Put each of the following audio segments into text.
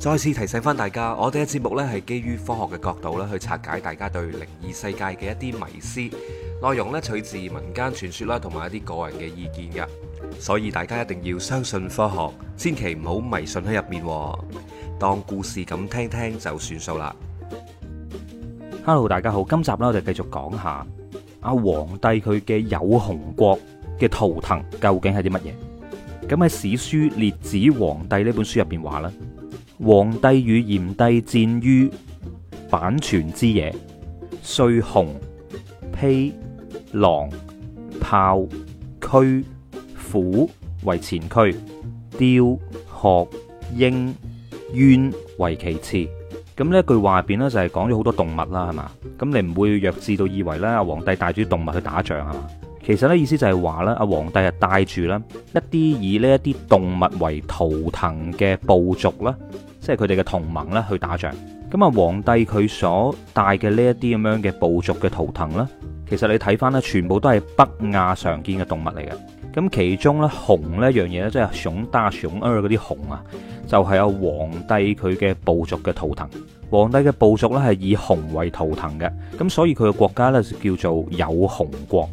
再次提醒翻大家，我哋嘅節目咧係基於科學嘅角度咧去拆解大家對靈異世界嘅一啲迷思，內容咧取自民間傳說啦，同埋一啲個人嘅意見嘅，所以大家一定要相信科學，千祈唔好迷信喺入面，當故事咁聽聽就算數啦。Hello，大家好，今集呢，我哋繼續講下阿黃帝佢嘅有熊國嘅圖騰究竟係啲乜嘢？咁喺史書《列子·黃帝》呢本書入邊話呢。黃帝與炎帝戰於阪泉之野，遂雄披狼豹驅虎為前驅，雕鶴鷹鳶為其次。咁呢句話入邊咧，就係講咗好多動物啦，係嘛？咁你唔會弱智到以為咧，黃帝帶住啲動物去打仗，係嘛？其實咧，意思就係話咧，阿黃帝係帶住咧一啲以呢一啲動物為圖騰嘅部族啦，即係佢哋嘅同盟咧去打仗。咁啊，黃帝佢所帶嘅呢一啲咁樣嘅部族嘅圖騰咧，其實你睇翻咧，全部都係北亞常見嘅動物嚟嘅。咁其中呢熊咧一樣嘢咧，即係熊大熊二嗰啲熊啊，就係、是、阿黃帝佢嘅部族嘅圖騰。黃帝嘅部族咧係以熊為圖騰嘅，咁所以佢嘅國家咧就叫做有熊國。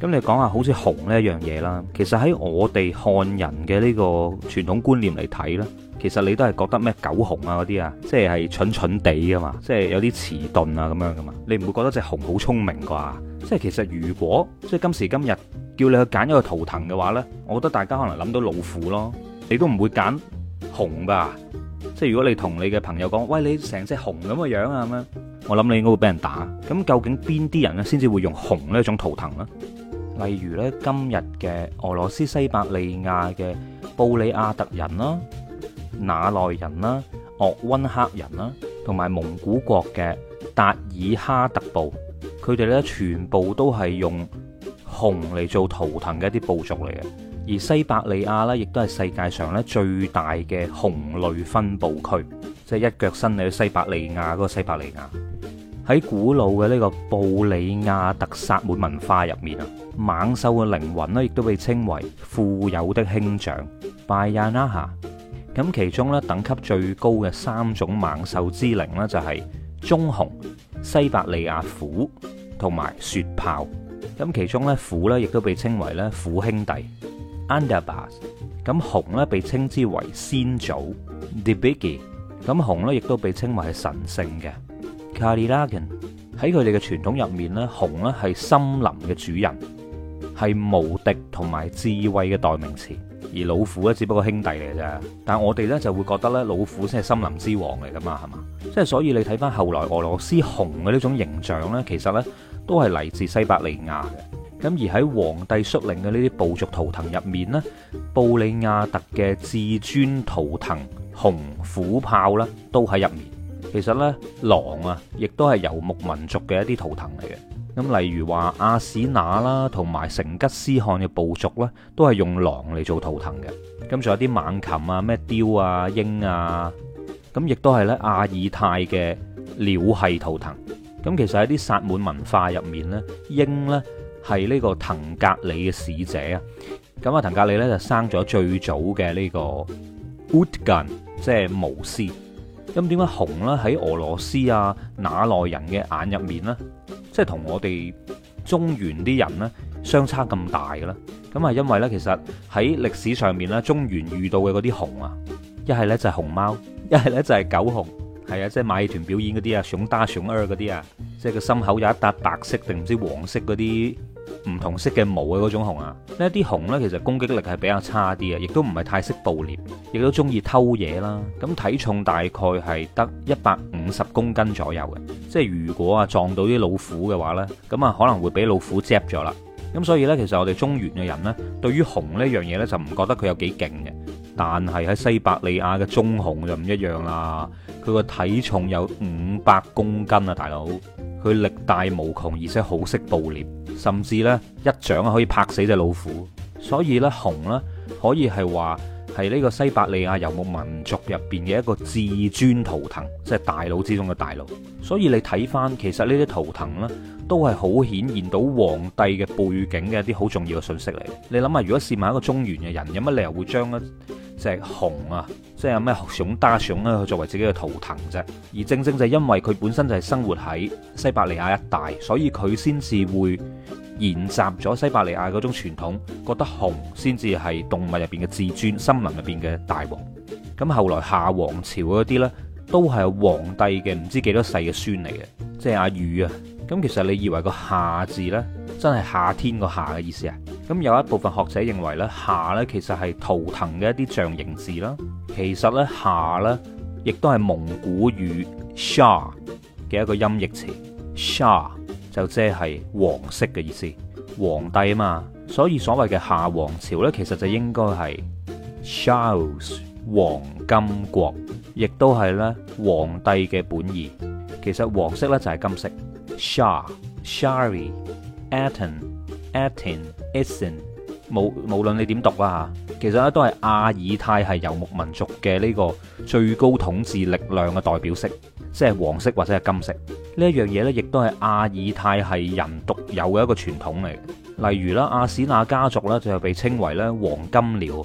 咁你講下好似熊呢一樣嘢啦。其實喺我哋漢人嘅呢個傳統觀念嚟睇咧，其實你都係覺得咩狗熊啊嗰啲啊，即係蠢蠢地噶嘛，即係有啲遲鈍啊咁樣噶嘛。你唔會覺得隻熊好聰明啩？即係其實如果即係今時今日叫你去揀一個圖騰嘅話呢，我覺得大家可能諗到老虎咯。你都唔會揀熊吧？即係如果你同你嘅朋友講，喂，你成隻熊咁嘅樣啊咁樣，我諗你應該會俾人打。咁究竟邊啲人咧先至會用熊呢一種圖騰咧？例如咧，今日嘅俄羅斯西伯利亞嘅布里亞特人啦、那內人啦、鄂溫克人啦，同埋蒙古國嘅達爾哈特部，佢哋呢全部都係用熊嚟做圖騰嘅一啲部族嚟嘅。而西伯利亞呢，亦都係世界上咧最大嘅熊類分佈區，即係一腳伸你去西伯利亞嗰個西伯利亞。喺古老嘅呢個布里亞特薩滿文化入面啊，猛獸嘅靈魂咧，亦都被稱為富有的兄長拜亞納哈。咁其中咧等級最高嘅三種猛獸之靈咧，就係棕熊、西伯利亞虎同埋雪豹。咁其中咧虎咧，亦都被稱為咧虎兄弟安德巴。咁熊咧，被稱之為先祖迪比吉。咁熊咧，亦都被稱為係神聖嘅。喺佢哋嘅傳統入面呢，熊咧係森林嘅主人，係無敵同埋智慧嘅代名詞，而老虎呢只不過兄弟嚟啫。但係我哋呢就會覺得咧，老虎先係森林之王嚟㗎嘛，係嘛？即係所以你睇返後來俄羅斯熊嘅呢種形象呢，其實呢都係嚟自西伯利亞嘅。咁而喺黃帝率領嘅呢啲部族圖騰入面呢，布里亞特嘅至尊圖騰熊虎豹呢都喺入面。其實咧，狼啊，亦都係游牧民族嘅一啲圖騰嚟嘅。咁例如話，阿史那啦、啊，同埋成吉思汗嘅部族咧，都係用狼嚟做圖騰嘅。咁仲有啲猛禽啊，咩雕啊、鷹啊，咁亦都係咧，阿爾泰嘅鳥系圖騰。咁其實喺啲薩滿文化入面咧，鷹咧係呢個騰格里嘅使者啊。咁啊，騰格里咧就生咗最早嘅呢個烏特根，即係巫師。咁點解熊咧喺俄羅斯啊那內人嘅眼入面咧，即係同我哋中原啲人咧相差咁大嘅咧？咁係因為咧，其實喺歷史上面咧，中原遇到嘅嗰啲熊啊，一係咧就係熊貓，一係咧就係狗熊，係啊，即係馬戲團表演嗰啲啊，熊打熊」兒嗰啲啊，即係個心口有一笪白色定唔知黃色嗰啲。唔同色嘅毛嘅、啊、嗰種熊啊，呢啲熊呢，其實攻擊力係比較差啲啊，亦都唔係太識捕獵，亦都中意偷嘢啦。咁體重大概係得一百五十公斤左右嘅，即係如果啊撞到啲老虎嘅話呢，咁啊可能會俾老虎 zap 咗啦。咁所以呢，其實我哋中原嘅人呢，對於熊呢樣嘢呢，就唔覺得佢有幾勁嘅，但係喺西伯利亞嘅棕熊就唔一樣啦。佢個體重有五百公斤啊，大佬，佢力大無窮，而且好識捕獵。甚至咧一掌可以拍死隻老虎，所以咧熊咧可以係話係呢個西伯利亞遊牧民族入邊嘅一個至尊圖騰，即係大佬之中嘅大佬。所以你睇返其實呢啲圖騰呢都係好顯現到黃帝嘅背景嘅一啲好重要嘅信息嚟。你諗下，如果試問一個中原嘅人，有乜理由會將咧隻熊啊，即係有咩熊打熊咧，啊，佢作為自己嘅圖騰啫。而正正就係因為佢本身就係生活喺西伯利亞一帶，所以佢先至會沿襲咗西伯利亞嗰種傳統，覺得熊先至係動物入邊嘅至尊，森林入邊嘅大王。咁後來夏王朝嗰啲呢，都係皇帝嘅唔知幾多世嘅孫嚟嘅，即係阿禹啊。咁其實你以為個夏字呢，真係夏天個夏嘅意思啊？咁有一部分學者認為咧，夏咧其實係圖騰嘅一啲象形字啦。其實咧，夏咧亦都係蒙古語 shar 嘅一個音譯詞。shar 就即係黃色嘅意思，黃帝啊嘛。所以所謂嘅夏王朝咧，其實就應該係 Charles 黃金國，亦都係咧黃帝嘅本義。其實黃色咧就係金色。shar shari aten aten。Essen 冇，無論你點讀啦吓，其實咧都係阿爾泰系游牧民族嘅呢個最高統治力量嘅代表色，即係黃色或者係金色呢一樣嘢咧，亦都係阿爾泰系人獨有嘅一個傳統嚟。例如啦，阿史那家族咧就係被稱為咧黃金鳥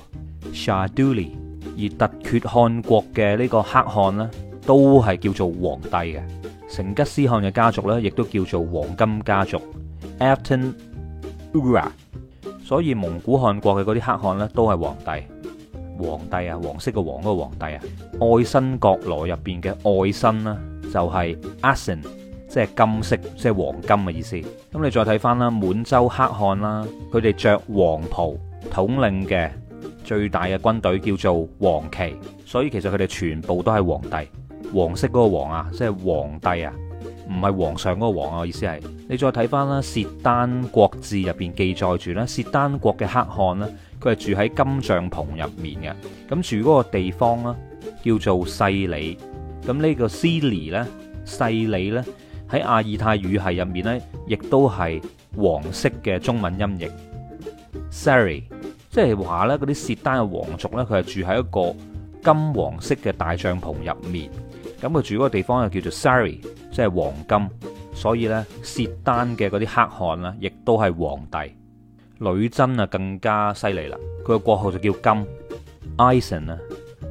Shar Duli，而突厥汗國嘅呢個黑汗呢，都係叫做皇帝嘅。成吉思汗嘅家族咧亦都叫做黃金家族 Alten Ura。所以蒙古汗國嘅嗰啲黑漢咧都係皇帝，皇帝啊黃色嘅黃嗰個皇帝啊，愛新覺羅入邊嘅愛新啦就係、是、Asin，即係金色即係黃金嘅意思。咁你再睇翻，啦，滿洲黑漢啦，佢哋着黃袍統領嘅最大嘅軍隊叫做黃旗，所以其實佢哋全部都係皇帝，黃色嗰個皇啊即係皇帝啊。唔係皇上嗰個皇啊！我意思係你再睇翻啦，《薛丹國志》入邊記載住咧，薛丹國嘅黑漢咧，佢係住喺金帳篷入面嘅。咁住嗰個地方啦，叫做細里。咁呢個 Siri 咧，細理咧喺阿爾泰語系入面呢，亦都係黃色嘅中文音譯 Siri，即係話呢，嗰啲薛丹嘅皇族呢，佢係住喺一個金黃色嘅大帳篷入面。咁佢住嗰個地方又叫做 Siri。即係黃金，所以呢，薛丹嘅嗰啲黑漢咧，亦都係皇帝。女真啊，更加犀利啦，佢個國號就叫金。Aisin 啊，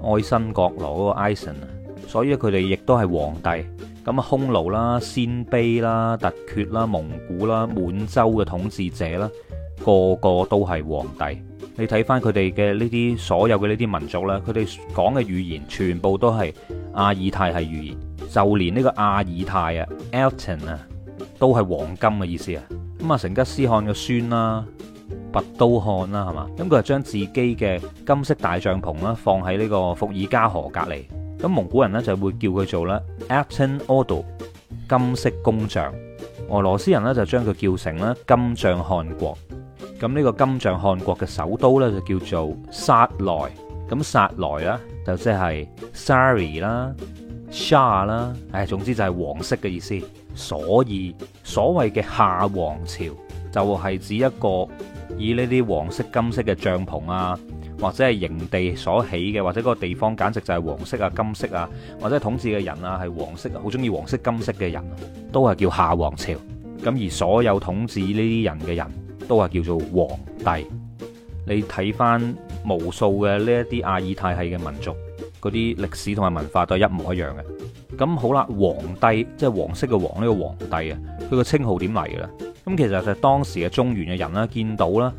愛新覺羅嗰個 Aisin 啊，所以佢哋亦都係皇帝。咁啊，匈奴啦、鮮卑啦、突厥啦、蒙古啦、滿洲嘅統治者啦，個個都係皇帝。你睇翻佢哋嘅呢啲所有嘅呢啲民族咧，佢哋講嘅語言全部都係阿爾泰系語言。就連呢個亞爾泰啊，Alten 啊，Al ten，都係黃金嘅意思啊。咁啊，成吉思汗嘅孫啦，拔都汗啦，係嘛？咁佢就將自己嘅金色大帳篷啦，放喺呢個伏爾加河隔離。咁蒙古人呢就會叫佢做咧 Alten Odo，金色公帳，俄羅斯人呢就將佢叫成咧金帳汗國。咁呢個金帳汗國嘅首都呢，就叫做薩萊。咁薩萊啦，就即係 Sari 啦。沙啦，誒、啊，總之就係黃色嘅意思。所以所謂嘅夏王朝就係指一個以呢啲黃色、金色嘅帳篷啊，或者係營地所起嘅。或者嗰個地方簡直就係黃色啊、金色啊，或者統治嘅人啊係黃色，好中意黃色、金色嘅人，都係叫夏王朝。咁而所有統治呢啲人嘅人都係叫做黃帝。你睇翻無數嘅呢一啲阿爾泰系嘅民族，嗰啲歷史同埋文化都係一模一樣嘅。咁好啦，皇帝即係黃色嘅黃呢個皇帝啊，佢個稱號點嚟嘅咧？咁其實就當時嘅中原嘅人啦，見到啦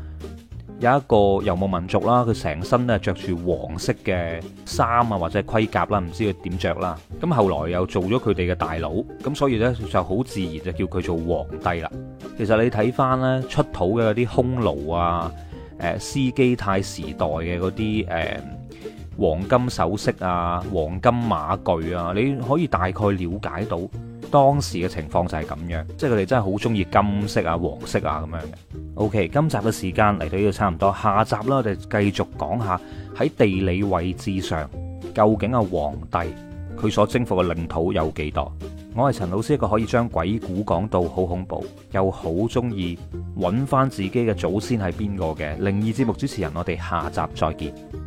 有一個遊牧民族啦，佢成身都係着住黃色嘅衫啊，或者盔甲啦，唔知佢點着啦。咁後來又做咗佢哋嘅大佬，咁所以呢，就好自然就叫佢做皇帝啦。其實你睇翻呢，出土嘅嗰啲匈奴啊、誒斯基泰時代嘅嗰啲誒。呃黃金首飾啊，黃金馬具啊，你可以大概了解到當時嘅情況就係咁樣，即係佢哋真係好中意金色啊、黃色啊咁樣嘅。OK，今集嘅時間嚟到呢度差唔多，下集啦，我哋繼續講下喺地理位置上究竟阿黃帝佢所征服嘅領土有幾多？我係陳老師，一個可以將鬼故講到好恐怖，又好中意揾翻自己嘅祖先係邊個嘅靈異節目主持人，我哋下集再見。